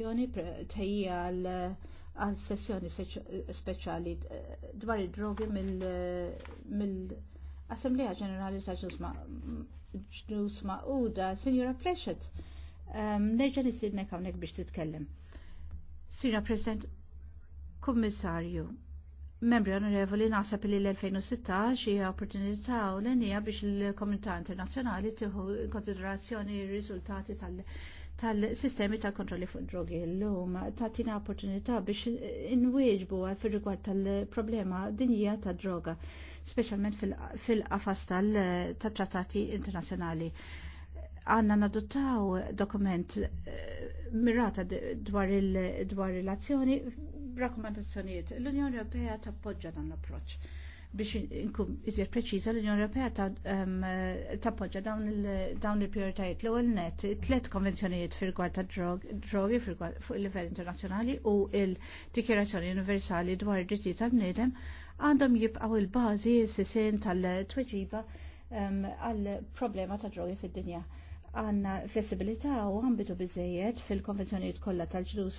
kwistjoni tejja għal sessjoni speċjali dwar id-drogi mill-Assemblea Ġenerali ta' ġnus Mauda, Signora Pleshet, ehm, nerġa' nistidnek hawnhekk biex titkellem. Signora President, Kummissarju, membri onorevoli naħseb li l-2016 hija opportunità u l biex il-komunità internazzjonali tieħu konsiderazzjoni r-riżultati tal- tal-sistemi ta' kontrolli fuq drogi l-lum tina opportunità biex inwieġbu fil rigward tal-problema dinjija ta' droga, specialment fil-qafas tal-trattati internazjonali. Għanna nadottaw dokument eh, mirata dwar il-azzjoni, rakkomandazzjonijiet. L-Unjoni Ewropea tappoġġa dan l-approċ biex inkun iżjed preċiża l-Unjoni Ewropea tappoġġa dawn il-prioritajiet l-ewwel net tliet konvenzjonijiet fil rigward ta' drogi fuq il-livell internazzjonali u l dikjerazzjoni Universali dwar id-drittijiet tal-bniedem għandhom jibqgħu il-bażi s-sisien tal-tweġiba għal problema ta' drogi fid-dinja għanna flessibilità u għambitu bizzejiet fil-konvenzjoniet kollha tal-ġlus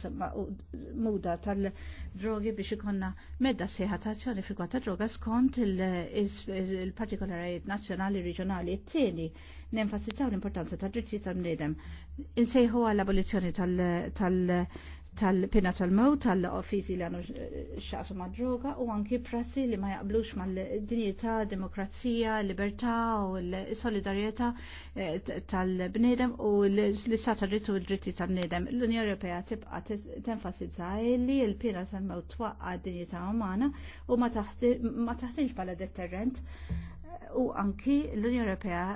muda tal-drogi biex ikonna medda seħa ta' azzjoni fil ta' droga skont il-partikolarajiet nazzjonali reġjonali t-tieni nenfasizzaw l-importanza ta' drittijiet tal-bniedem. Insejħu għall-abolizzjoni tal- tal-pina tal-mewt, tal-offizi li għannu xaqsu madruga droga u anki prassi li ma' jaqblux ma' l-dinjità, demokrazija, libertà u l-solidarieta eh, tal-bnedem u l-istat u l-dritti tal-bnedem. l unja Ewropea tibqa tenfasizza li l-pina tal-mewt twaqqa dinjità umana u ma' taħtinx bħala deterrent u anki l unja Ewropea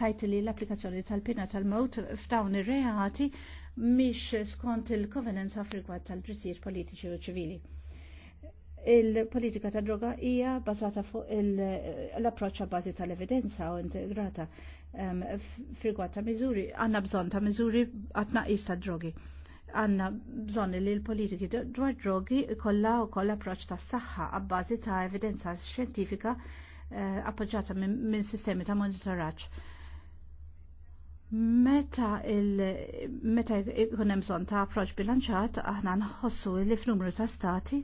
tajt li l-applikazzjoni tal-pina tal-mewt f'dawn ir-reati miex skont il covenants fil tal-drittijiet politiċi u ċivili. Il-politika ta' droga hija bazata fuq l-approċċ bażi tal-evidenza u integrata um, ta' miżuri, għanna bżonn ta' miżuri għat-naqis ta' drogi. Għanna bżonn li l-politiki dwar drogi kollha wkoll approċċ tas saħħa għabbażi ta' evidenza xjentifika uh, appoġġata minn min sistemi ta' monitoraġġ Meta il meta ikun hemm bżonn ta' approċċ bilanċat aħna nħossu li f'numru ta' stati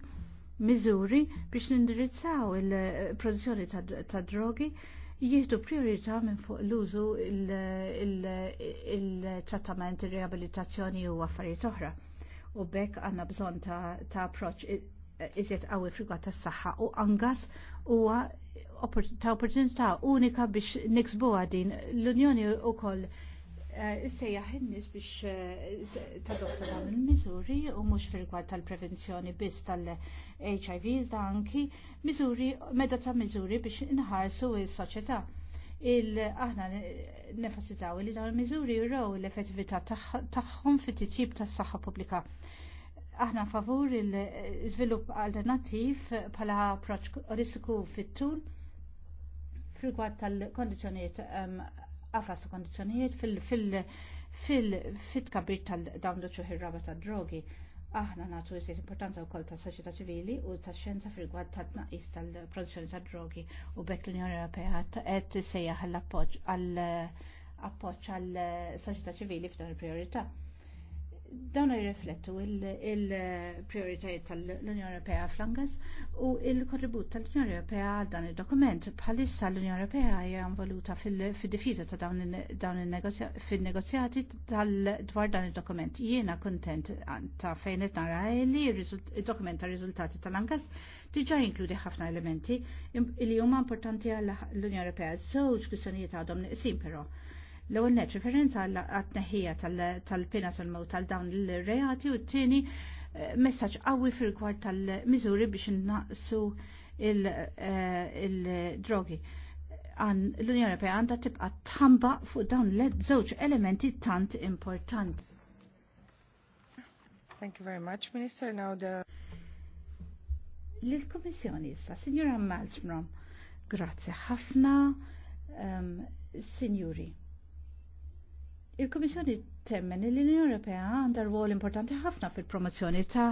miżuri biex nindirizzaw il-produzzjoni ta' drogi jieħdu priorità minn fuq l-użu il-trattament, il riabilitazzjoni u affarijiet oħra. U bekk għandna bżonn ta' approċċ iżjed qawwi frigwa tas-saħħa u angas huwa ta' opportunità unika biex niksbuha din l-Unjoni wkoll Eh, issejjaħ in-nies biex eh, tadotta dawn il-miżuri u mhux fil-gwar tal-prevenzjoni biss tal-HIV iżda anki miżuri meta ta' miżuri biex inħarsu s-soċjetà. Il aħna nefasitaw li dawn il-miżuri jraw l-effettività tagħhom fit-titjib tas-saħħa pubblika. Aħna favur il-żvilupp alternattiv bħala approċċ riskku fit-tul fil-gwar tal-kondizzjonijiet ehm, għafas u kondizjonijiet fil-fit-kabir tal-dawn doċu ħirraba ta' drogi. Aħna natu jizziet importanza u koll ta' soċieta ċivili u ta' xenza fil-gwad ta' tnaqis tal-produzzjoni ta' drogi u bekk l-Unjoni Ewropea għed sejja għall-appoċ għall-soċieta ċivili f'dan il priorita dawn jirriflettu il-prioritajiet tal-Unjoni Ewropea fl-Angas u il-kontribut tal-Unjoni Ewropea għal dan il-dokument. Bħalissa l-Unjoni Ewropea hija involuta fil-difiża ta' dawn il-negozjati tal-dwar dan il-dokument. Jiena kontent ta' fejn qed nara li id dokument ta' riżultati tal-Angas diġà jinkludi ħafna elementi li huma importanti għall unjoni Ewropea. Żewġ kwistjonijiet għadhom niqsin però L-ewwel net referenza għat-tneħħija tal-pina tal-mewt tal-dawn il-reati u t-tieni eh, messaġġ qawwi fil-gwar tal-miżuri biex innaqsu eh, il-drogi. L-Unjoni Ewropea għandha tibqa' tamba fuq dawn l-żewġ elementi tant importanti. Thank you very much, Minister. Now the Lill-Kummissjoni issa, Signora Malmstrom, grazzi ħafna, um, Signori. Il-Komissjoni temmen li l-Unjoni Ewropea għandha rwol importanti ħafna fil-promozzjoni ta'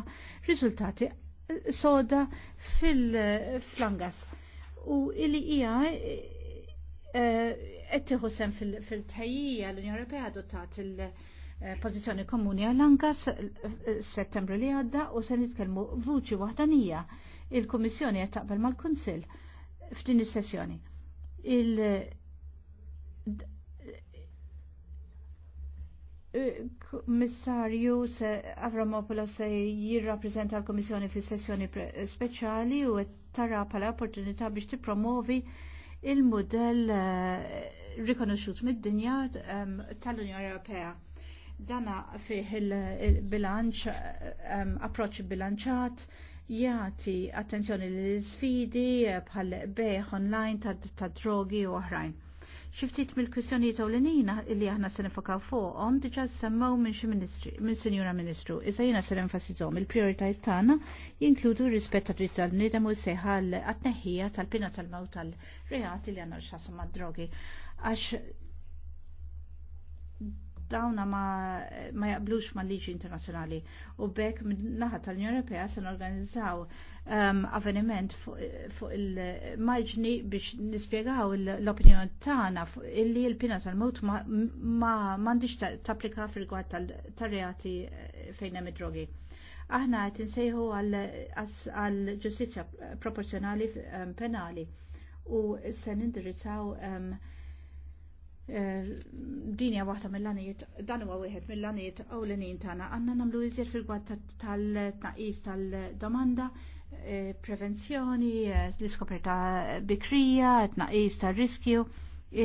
riżultati eh, soda fil-flangas u illi hija eh, qed tieħu sem fil-tajjija l-Unjoni Ewropea adottat il-pożizzjoni komuni għal-angas eh, settembru li għadda u se nitkellmu vuċi waħdanija il-Kummissjoni qed taqbel mal-Kunsill f'din is-sessjoni Kommissarju Avramopoulos se jirrappreżenta l-Komissjoni fis sessjoni speċjali u tara pala opportunità biex tippromovi il-modell eh, rikonoxxut mid-dinja ehm, tal-Unjoni Ewropea. Dana fih il-bilanċ, ehm, approċċ bilanċat, jagħti attenzjoni l-sfidi eh, bħal beħ online tad-drogi u oħrajn Xiftit mill-kwistjonijiet ewlenina li aħna se nifokaw fuqhom diġà semmew minn xi ministri minn Sinjura Ministru. Iżda jiena se nenfasizhom il-prijoritajiet tagħna jinkludu r-rispett tad-dritt tal-bniedem u seħal għat-tneħħija tal-pina tal-mewt tal-reati li għandhom x'asum mad-drogi. Għax dawna ma, ma jaqblux ma liġi internazzjonali u bekk naħa tal-Unjoni Ewropea se norganizzaw um, avveniment fuq fu il-marġni biex nispjegaw l-opinjoni tagħna illi l-pina tal-mut ma m'għandix ma, tapplika fil-gwad tal-reati eh, fejn hemm id-drogi. Aħna qed insejħu għal ġustizzja proporzjonali um, penali u se nindirizzaw um, Eh, dinja hija waħda mill-għaniet, dan huwa wieħed mill-għaniet ewlenin tagħna għandna nagħmlu iżjed fil gwad tal-tnaqqis tal-domanda, eh, prevenzjoni, eh, l-iskoperta bikrija, tnaqqis tal riskju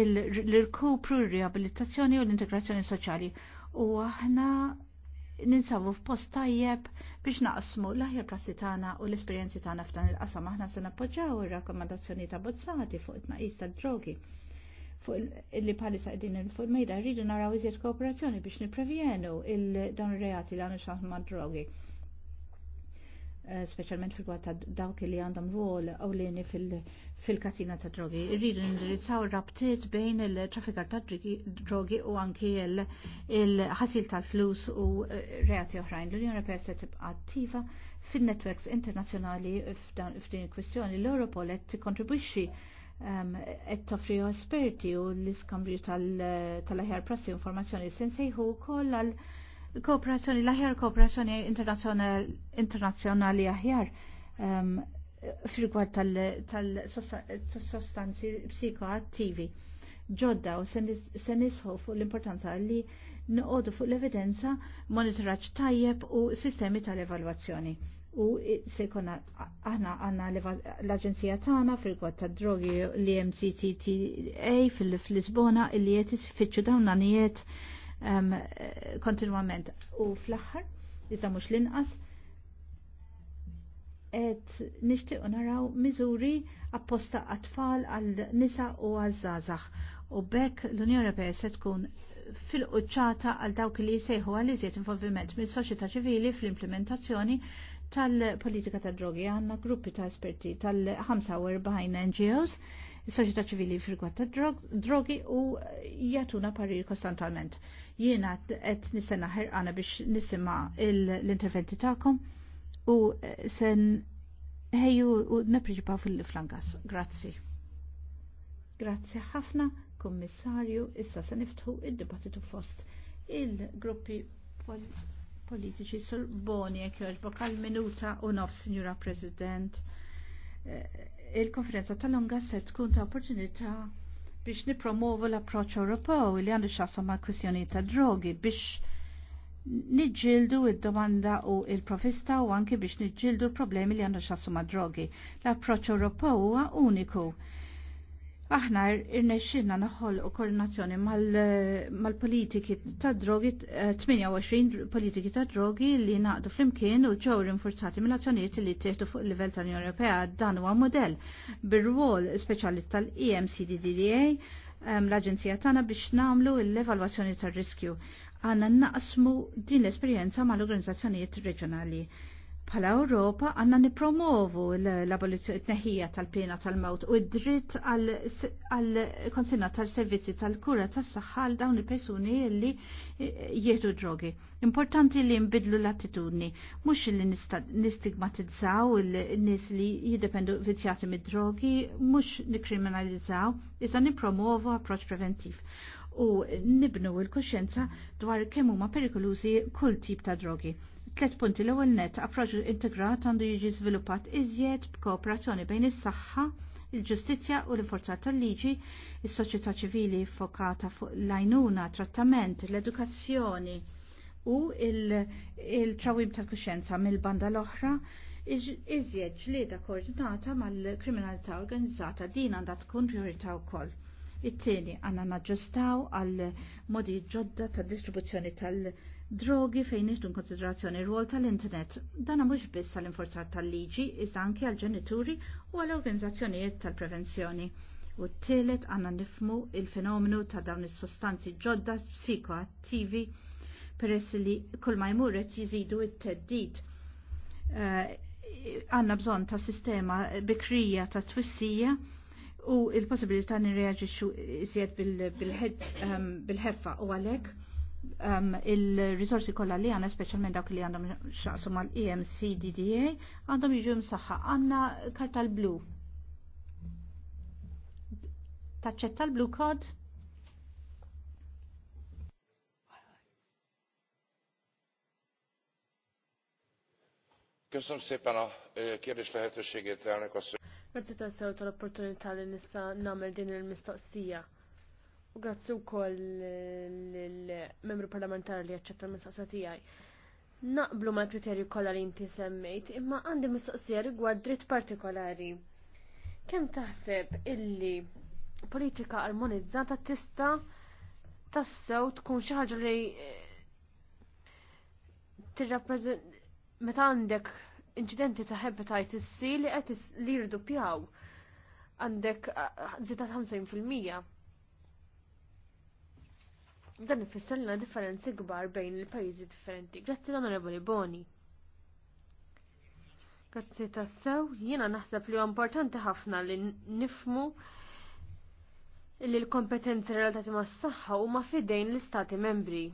l-irkupru, r-riabilitazzjoni u l-integrazzjoni soċjali. U aħna ninsabu f'post tajjeb biex naqsmu l-aħjar prassi tagħna u l-esperjenzi tagħna f'dan il-qasam aħna se nappoġġaw ir-rakkomandazzjoni ta' bozzati fuq it-tnaqis tad-drogi li palissa din il furmejda rridu naraw iżjed kooperazzjoni biex niprevjenu il-dawn reati li għanu xaħm drogi. Eh, Specialment fil ta' dawk li għandhom ruol li fil-katina ta' drogi. Rridu indirizzaw rabtiet bejn il trafikar ta' drogi u anki il-ħasil tal-flus u eh, reati oħrajn. L-Unjoni Europea se tibqa' attiva fin-netwerks internazzjonali f'din il-kwistjoni. L-Europol qed tikkontribwixxi qed toffri esperti u l-iskambju tal-aħjar prassi informazzjoni sejħu wkoll għal kooperazzjoni l-aħjar kooperazzjoni internazzjonali aħjar frigward tal-sostanzi psikoattivi ġodda u se nisħu fuq l-importanza li noqogħdu fuq l-evidenza monitoraġġ tajjeb u sistemi tal-evalwazzjoni u se jkollna aħna għandna l-Aġenzija tagħna fil-kwad ta' drogi li MCCTA fil-Lisbona li qed isfittxu dawn għanijiet ehm, kontinwament u fl-aħħar iżda mhux l-inqas qed nishtiq naraw miżuri apposta għat-tfal għal nisa u għal żgħażagħ u bekk l-Unjoni Ewropea se tkun fil-qċata għal dawk li jsejħu għal iżjed involviment mill soċjetà ċivili fl-implementazzjoni tal-politika tad-drogi għandna gruppi ta' esperti tal-45 NGOs, is-soċjetà ċivili frigwat tad-drogi u jagħtuna parir kostantalment. Jiena qed nistenna ħerqana biex nisimma l-interventi tagħkom u sen ħejju u nepriġipaw fil-flankas. Grazzi. Grazzi ħafna. Kummissarju, issa se niftħu id-dibattitu fost il-gruppi pol politiċi sol-boni e kjoġbok għal-minuta u nof, Signora President. Eh, il-konferenza tal-lunga se tkun ta' opportunità biex nipromovu l-approċ Ewropew li għandu xasam ma' kwistjoni ta' drogi biex nġildu id-domanda u il-profista u anki biex nġildu problemi li għandu xassu ma' drogi. L-approċ Ewropew huwa uniku Aħna irnexxinna u koordinazzjoni mal-politiki ta' drogi 28 eh, politiki ta' drogi li naqdu flimkien u ġew rinforzati mill-azzjonijiet li ttieħdu fuq il-livell tal-Unjoni Ewropea dan huwa modell bir-rwol speċjali tal-EMCDDA ehm, l-Aġenzija tagħna biex nagħmlu l-evalwazzjoni tar-riskju. Għanna naqsmu din l-esperjenza mal-organizzazzjonijiet reġjonali Pala Europa għanna nipromovu l-abolizzjoni t-neħija tal-pena tal-mawt u id-dritt għal-konsina tal-servizzi tal-kura tas-saħħa għal dawn il-persuni li jieħdu drogi. Importanti li nbidlu l-attitudni, mux li nistigmatizzaw il-nis li jidependu vizjati mid-drogi, mux nikriminalizzaw, iżda nipromovu approċ preventiv u nibnu l-kuxjenza dwar kemm huma perikolużi kull tip ta' drogi. Tlet punti l-ewwel net approċċ integrat għandu jiġi żviluppat iżjed b'kooperazzjoni bejn is-saħħa il-ġustizja u l-forzat tal-liġi, il soċjetà ċivili fokata fuq l-ajnuna, trattament, l-edukazzjoni u il-trawim tal-kuxenza mill-banda l-oħra, iżjed ġlieda koordinata mal-kriminalità organizzata din għandha tkun priorità wkoll. It-tieni għandna naġġustaw għal modi ġodda ta' distribuzzjoni tal-drogi fejn nieħdu konsiderazzjoni r-rwol tal-internet. Dana mhux biss għal inforzar tal-liġi, iżda anke għal ġenituri u għal organizzazzjonijiet tal-prevenzjoni. U t telet għandna nifmu il-fenomenu ta' dawn is-sostanzi ġodda psikoattivi peress li kull ma jmur jiżidu it teddit eh, għanna bżon ta' sistema bikrija ta' twissija u il-possibilità nirreagġixxu iżjed ehm, bil-ħeffa u għalhekk ehm, il-risorsi kollha li għandna speċjalment dawk li għandhom xaqsu mal-EMCDDA għandhom jiġu msaħħa għandna karta l-blu. Taċċetta l-blu kod? Köszönöm szépen a eh, kérdés lehetőségét, elnök asszony. Grazzi ta' sew tal-opportunità li nista' nagħmel din il-mistoqsija. U grazzi wkoll lill-membru parlamentari li aċċetta l-mistoqsija tiegħi. Naqblu mal kriterju kollha li inti semmejt, imma għandi mistoqsija rigward dritt partikolari. Kemm taħseb illi politika armonizzata tista' tassew tkun xi ħaġa li eh, tirrappreżent meta għandek inċidenti ta' hepatitis C li qed li jirdupjaw għandek zita 50%. Dan ifisser lna differenzi kbar bejn il-pajjiżi differenti. Grazzi l-Onorevoli Boni. Grazzi tassew, jiena naħseb li huwa importanti ħafna li nifmu li l-kompetenzi relatati mas saħħa huma fidejn l-istati membri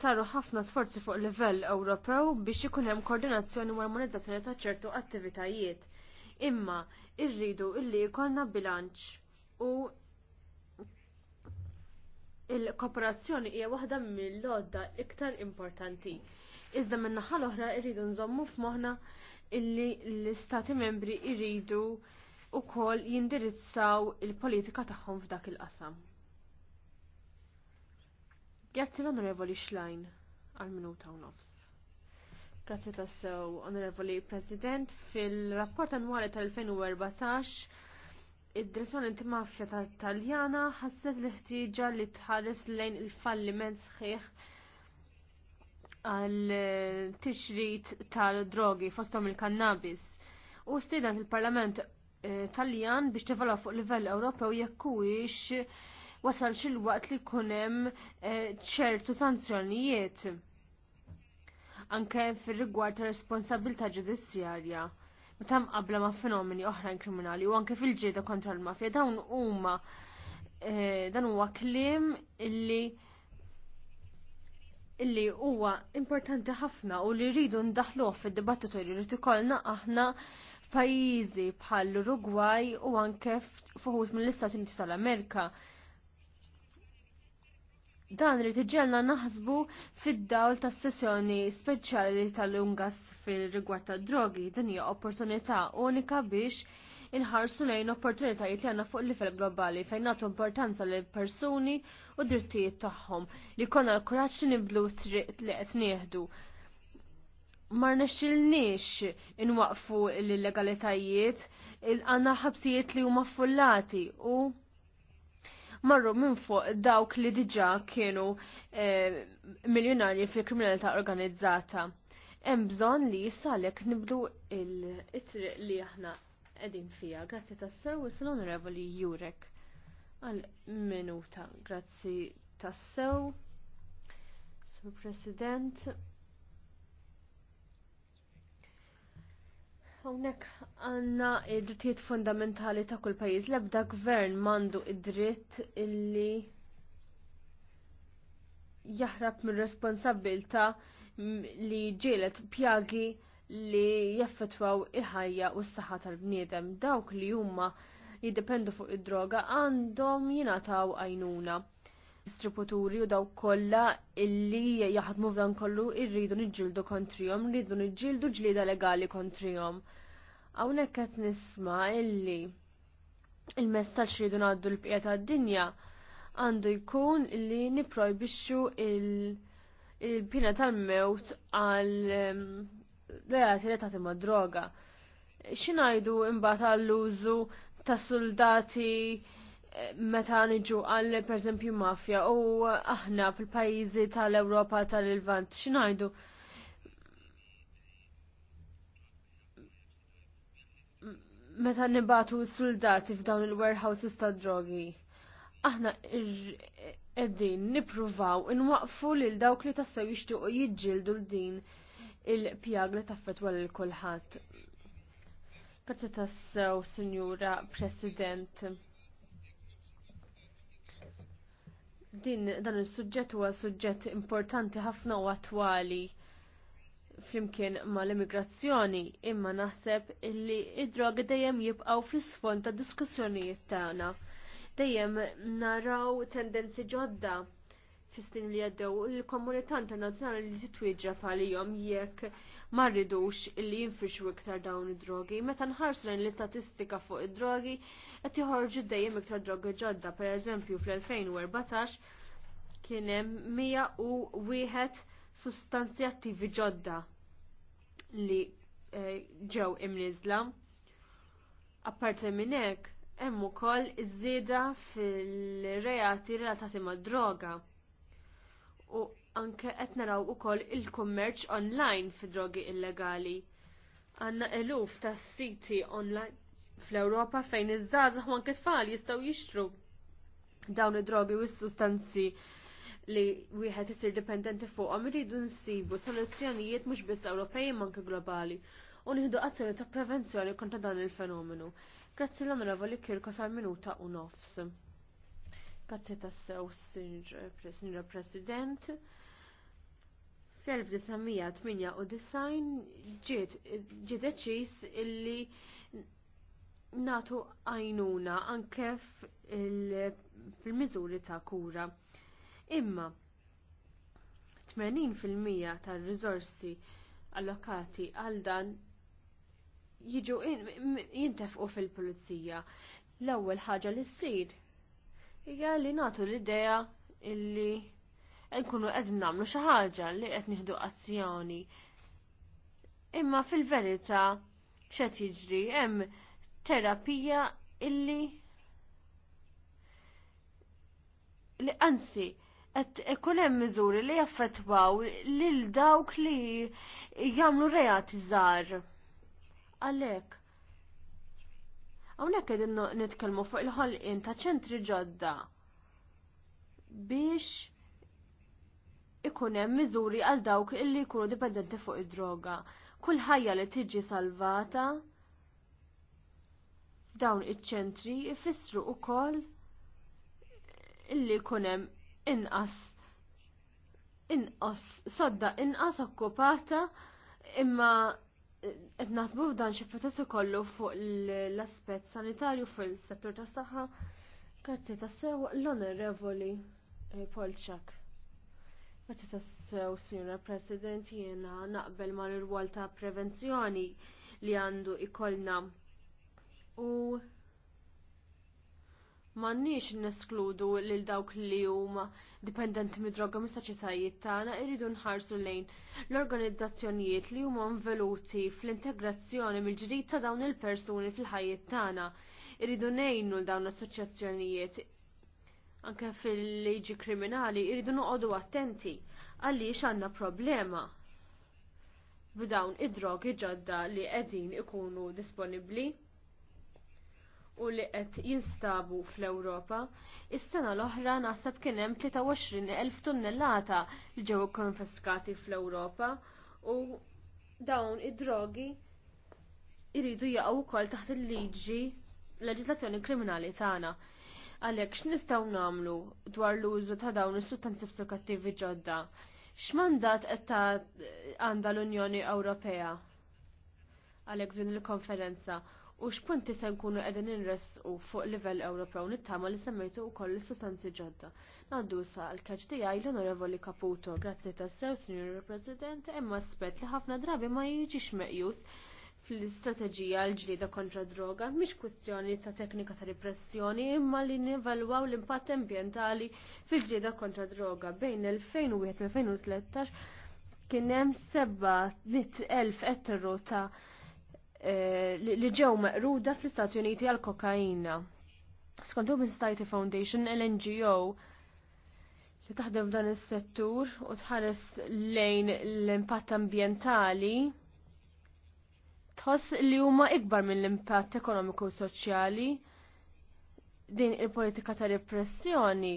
saru ħafna sforzi fuq livell Ewropew biex ikun hemm koordinazzjoni u armonizzazzjoni ta' ċertu attivitajiet. Imma irridu illi jkollna bilanċ u il-kooperazzjoni hija waħda mill-lodda iktar importanti. Iżda min-naħa l-oħra irridu nżommu f'moħħna illi l-istati membri irridu wkoll jindirizzaw il-politika tagħhom f'dak il-qasam. Grazzi l-Onorevoli Schlein għal minuta u nofs. Grazzi tassew, Onorevoli President, fil-rapport annwali tal-2014 id-direzzjoni antimafja tal-Taljana ħasset l-ħtieġa li tħares lejn il-falliment sħiħ għal tixrid tal-drogi fostom il-kannabis. U stidat il-Parlament eh, Taljan biex tevala fuq livell Ewropew jekk huwiex wasal xil-waqt li kunem eh, ċertu sanzjonijiet. Anke fil-rigward ta' responsabilta ġudizzjarja. Meta qabla ma' fenomeni oħrajn kriminali u anke fil-ġieda kontra l-mafja dawn huma eh, dan huwa kliem illi illi huwa importanti ħafna u li rridu ndaħluh fid-dibattitu li rrid ikollna aħna f'pajjiżi bħal l-Urugwaj u anke f'uħud mill-Istati Uniti tal-Amerika Dan li tiġġelna naħsbu fid-dawl ta' sessjoni speċjali tal lungas fil-rigward ta' drogi din hija opportunità unika biex inħarsu lejn opportunitajiet li għandna fuq livell globali fejn nagħtu importanza li persuni u drittijiet tagħhom li konna l-kuraġġ li niblu triq li qed nieħdu ma nexxilniex inwaqfu l-legalitajiet, għandna ħabsijiet li huma affullati u marru minn fuq dawk li diġa kienu eh, miljonarji fil kriminalità organizzata. Hemm bżonn li jissalek nibdu il-triq li aħna qegħdin fija. Grazzi tassew u l-Onorevoli Jurek għal minuta. Grazzi tassew. Sur President, Hawnhekk għandna id-drittijiet fundamentali ta' kull pajjiż. L-ebda gvern m'għandu id-dritt illi jaħrab mir-responsabbilta li ġielet pjagi li jaffetwaw il-ħajja u s-saħħa tal-bniedem. Dawk li huma jiddependu fuq id-droga għandhom jingħataw għajnuna distributuri u daw kollha illi jaħdmu f'dan kollu irridu niġġieldu kontrijom, rridu niġġieldu ġlieda legali kontrijom. Hawnhekk qed nisma' illi il-messaġġ rridu ngħaddu l-bqija tad-dinja għandu jkun illi nipprojbixxu il-pina tal-mewt għal ehm, reati li tagħti droga. X'ingħidu imbagħad għall-użu ta' soldati meta niġu għal per mafja u aħna fil-pajjiżi tal-Ewropa tal-Ilvant xinajdu? meta nibatu soldati f'dawn il-warehouses ta' drogi. Aħna qegħdin nippruvaw inwaqfu lil dawk li tassew jixtiequ jidġildu l din il-pjag li taffetwa lil kulħadd. Perċa tassew, Sinjura President. din dan il-suġġett huwa suġġett importanti ħafna u attwali flimkien ma l-immigrazzjoni imma naħseb illi id-drogi dejjem jibqgħu fl-isfond ta' diskussjonijiet tagħna. Dejjem naraw tendenzi ġodda fis-snin li għaddew il-komunità internazzjonali li titwieġġa għalihom jekk ma rridux li jinfixu iktar dawn id-drogi. Meta nħarsu lejn l-istatistika fuq id-drogi qed joħorġu dejjem iktar drogi ġodda. Pereżempju fl-2014 kien hemm 101 sustanzi attivi ġodda li eh, ġew imniżla. Apparti minn hekk, hemm ukoll iż-żieda fil-reati relatati mad droga u anke qed naraw ukoll il-kummerċ online fid-drogi illegali. Għandna eluf ta' siti online fl-Ewropa fejn iż-żgħażagħ u anke tfal jistgħu jixtru dawn id-drogi u s-sustanzi li wieħed isir dipendenti fuqhom iridu nsibu soluzzjonijiet mhux biss Ewropej imma anke globali u nieħdu azzjoni ta' prevenzjoni kontra dan il-fenomenu. Grazzi l-Onorevoli Kirkos għal minuta u nofs. Grazzi tassew, Signora President. f 1998 ġiet deċiż illi natu għajnuna anke fil-miżuri ta' kura. Imma 80% tar rizorsi allokati għal dan jiġu jintefqu fil-pulizija. L-ewwel ħaġa li ssir Ija li nagħtu l-idea illi nkunu qed nagħmlu xi ħaġa li qed nieħdu azzjoni. Imma fil-verità x'qed jiġri hemm terapija illi li anzi qed ikun hemm miżuri li jaffettwaw lil dawk li jagħmlu reati żgħar. Għalhekk Hawnhekk qegħdin nitkellmu fuq il-ħolqien ta' ċentri ġodda biex ikun hemm miżuri għal dawk illi jkunu dipendenti fuq id-droga. Kull ħajja li tiġi salvata dawn iċ-ċentri ifissru wkoll illi jkun hemm inqas inqas sodda inqas okkupata imma qed naħsbu f'dan xi fetus ikollu fuq l-aspett sanitarju fil-settur tas-saħħa tas sew l-onorevoli eh, Polchak. tas-sew, Sinjora President, jiena naqbel mal rwol ta' prevenzjoni li għandu ikollna u Mannix neskludu lil dawk li huma dipendenti mid-droga mis-soċjetajiet tagħna irridu nħarsu lejn l-organizzazzjonijiet li huma involuti fl-integrazzjoni mill-ġdid ta' dawn il-persuni fil-ħajjiet tagħna. Irridu ngħinu l dawn l-assoċjazzjonijiet anke fil-liġi kriminali irridu noqogħdu attenti għaliex għandna problema b'dawn id-drogi ġodda li qegħdin ikunu disponibbli u li qed jinstabu fl-Ewropa, is-sena l-oħra naħseb kien hemm 23,000 tunnellata li ġew konfiskati fl-Ewropa u dawn id-drogi iridu jaqgħu wkoll taħt il-liġi leġislazzjoni kriminali tagħna. Għalhekk x'nistgħu nagħmlu dwar l-użu ta' dawn is-sustanzi psikattivi ġodda? X'mandat qed għandha l-Unjoni Ewropea għalhekk din il-konferenza? u x'punti se nkunu qegħdin inresqu fuq livell Ewropew nittama li semmejtu wkoll is-sustanzi ġodda. Ngħaddu sa l-kaġ tiegħi l-Onorevoli Caputo, grazzi tassew, Signor President, imma aspett li ħafna drabi ma jiġix meqjus fl-istrateġija l-ġlida kontra droga, mhix kwistjoni ta' teknika ta' repressjoni, imma li nivalwaw l-impatt ambjentali fil-ġlida kontra droga bejn il-2001 u 2013 kien hemm 700,000 ettaru ta' Eh, li ġew meqruda fl-Istati Uniti għal kokaina. Skont Open Society Foundation, l-NGO li taħdem f'dan is-settur u tħares lejn l-impatt ambjentali tħoss li huma ikbar minn l-impatt ekonomiku u soċjali din il-politika ta' repressjoni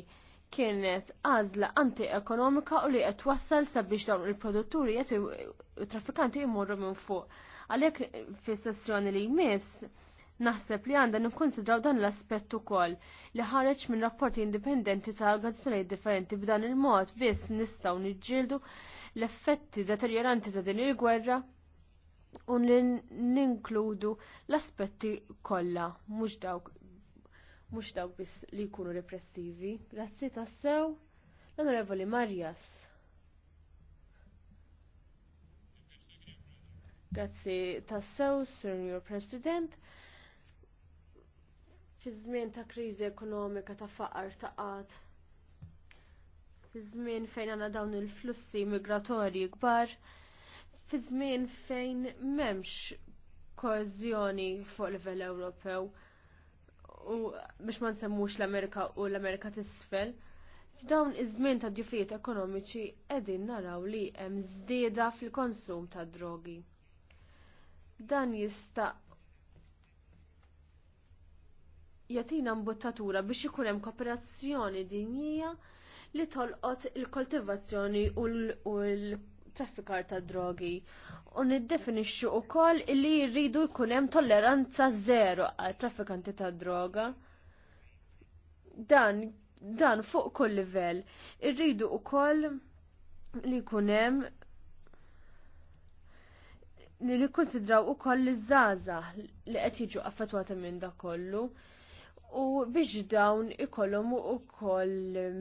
kienet għażla anti-ekonomika u li qed wassal sabiex dawn il-produtturi qed traffikanti jmorru minn fuq Għalhekk fis-sessjoni li jmiss naħseb li għandan nikkonsidraw dan l-aspett ukoll li ħareġ minn rapporti indipendenti ta' organizzazzjonijiet differenti b'dan il-mod biss nistgħu niġġieldu l-effetti deterjoranti ta' din il-gwerra u ninkludu l-aspetti kollha mhux dawk mhux dawk biss li jkunu repressivi. Grazzi tassew l-Onorevoli Marjas. Grazzi tassew, Sr. President. Fizmin żmien ta' kriżi ekonomika ta' faqar ta' qat. Fi żmien fejn għana dawn il-flussi migratorji kbar. Fi żmien fejn m'hemmx koeżjoni fuq livell Ewropew u biex ma nsemmux l-Amerika u l-Amerika t'isfel. F'dawn iż-żmien ta' djufijiet ekonomiċi qegħdin naraw li hemm żdieda fil-konsum ta' drogi. Dan jista' jatina mbuttatura biex ikun hemm kooperazzjoni dinjija li tolqot il-koltivazzjoni u l-traffikar ta' drogi. U niddefinixxu wkoll li jridu jkun hemm tolleranza zero għal traffikanti ta' droga. Dan dan fuq kull livell. Irridu wkoll li jkun hemm li li ukoll iż koll li qed jiġu affettwati minn dak kollu u biex dawn ikollhom ukoll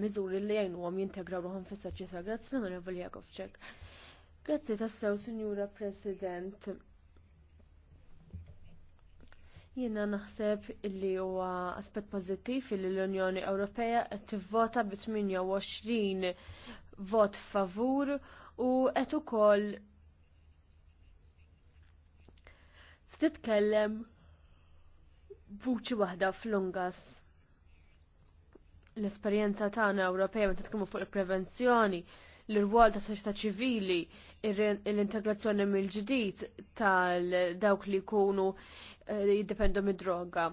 miżuri li jgħinuhom jintegraw ruħhom fis-soċjetà. Grazzi l-Onorevoli Jakovċek. Grazzi tassew, Sinjura President. Jiena naħseb li huwa aspett pożittiv li l-Unjoni Ewropea qed tivvota bi 28 vot favur u qed ukoll titkellem vuċi waħda fl L-esperjenza tagħna Ewropea meta tkellmu fuq il-prevenzjoni, l-irwol ta' soċjetà ċivili, l-integrazzjoni mill-ġdid tal-dawk li jkunu eh, jiddependu mid-droga.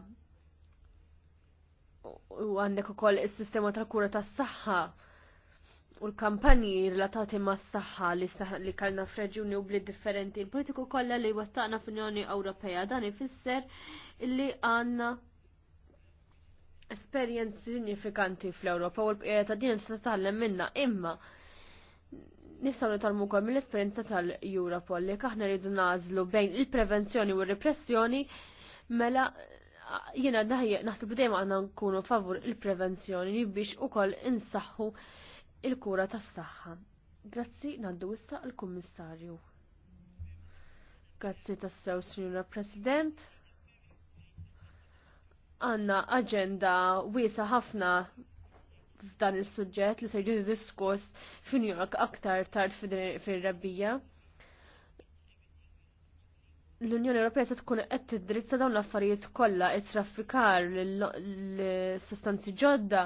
U għandek ukoll is-sistema tal-kura tas-saħħa u l-kampanji relatati ma' s-saxħa li kalna f'reġuni u bli differenti. Il-politiku kollha li wattaqna unjoni Ewropea dan ifisser li għanna esperjenzi signifikanti fl-Ewropa u l-bqija din s tallem minna imma nistgħu nitalmu wkoll mill-esperjenza tal-Europol li aħna rridu nażlu bejn il-prevenzjoni u l repressjoni mela jiena naħtibu dejjem għandna nkunu favur il-prevenzjoni biex ukoll insaħħu il-kura tas-saħħa. Grazzi ngħaddu issa l-Kummissarju. Grazzi tassew, Sinjura President. Għanna aġenda wiesa ħafna f'dan il-sujġett li se jġi diskuss fi New York aktar tard fir rabbija L-Unjoni Ewropea se tkun qed tiddrizza dawn l-affarijiet kollha it-traffikar l-sostanzi ġodda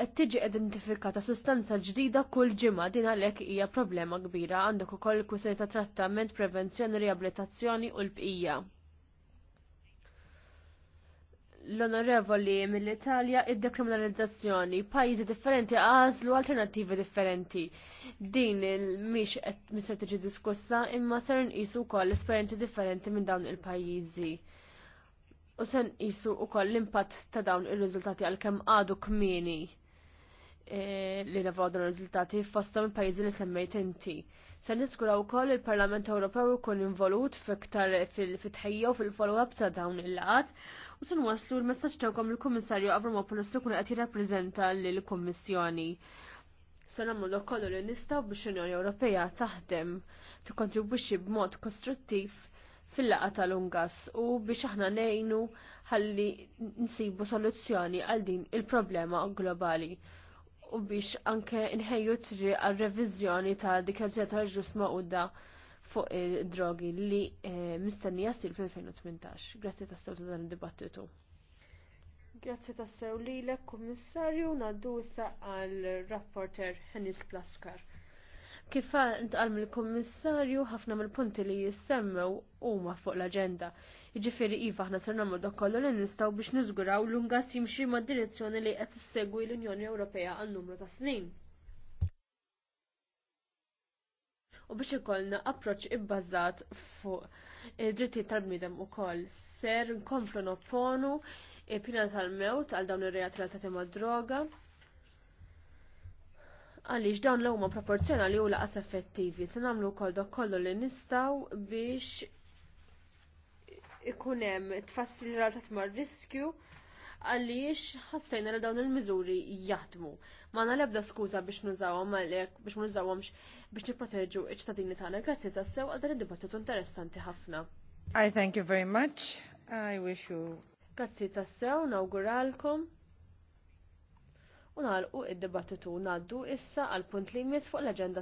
qed tiġi identifikata sustanza ġdida kull ġimgħa din għalhekk hija problema kbira għandek ukoll kwistjoni ta' trattament, prevenzjoni, riabilitazzjoni u l-bqija. L-onorevoli mill-Italja id-dekriminalizzazzjoni, pajjiżi differenti għażlu alternattivi differenti. Din il mhix qed misser tiġi diskussa imma ser nqisu wkoll esperjenzi differenti minn dawn il-pajjiżi u sen isu u koll l-impatt ta' dawn il-rizultati għal kem għadu kmini. Eh, li nevodu r-riżultati fostom il-pajjiżi li semmejt inti. Se u koll il-Parlament Ewropew ikun involut fiktar fil-fitħija u fil-follow-up ta' dawn il-laqat u sun waslu l-messaġġ tagħkom il-Kummissarju Avramopoulos ikun qed jirrappreżenta lill-Kummissjoni. Se nagħmlu kollu li nistaw biex l-Unjoni Ewropea taħdem tikkontribwixxi b'mod kostruttiv fil-laqa tal-Ungas u biex aħna nejnu ħalli nsibu soluzzjoni għal din il-problema globali u biex anke nħejju tri għal reviżjoni ta' dikjarzja ta' ġus maqudda fuq id-drogi li eh, mistennija stil fil-2018. Grazzi ta' sew dan id-dibattitu. Grazzi ta' sew li l-Kummissarju naddu issa għal rapporter Hennis Plaskar. Kif intqal mill-Kummissarju ħafna mill-punti li jissemmew huma fuq l-aġenda. Jiġifieri iva aħna ser nagħmlu dak kollu li nistgħu biex niżguraw l-Ungas jimxi mad-direzzjoni li qed issegwi l-Unjoni Ewropea għal numru ta' snin. U biex ikollna approċċ ibbażat fuq id-drittijiet tal-bniedem ukoll ser nkomplu nopponu pina tal-mewt għal dawn ir-reati relatati mad droga għaliex dawn l-huma proporzjonali u laqas effettivi. Se nagħmlu kol dak kollu li nistaw biex ikun hemm tfassil relatat mar-riskju għaliex ħassejna li dawn il-miżuri jaħdmu. Ma għana lebda skuża biex nużawhom għalhekk biex ma biex nipproteġu ċ-ċittadini tagħna. Grazzi tassew għadar il dibattitu interessanti ħafna. I thank you very much. I wish you Grazzi tassew, nawguralkom u nagħlqu id-dibattitu ngħaddu issa għal punt li jmiss fuq l-aġenda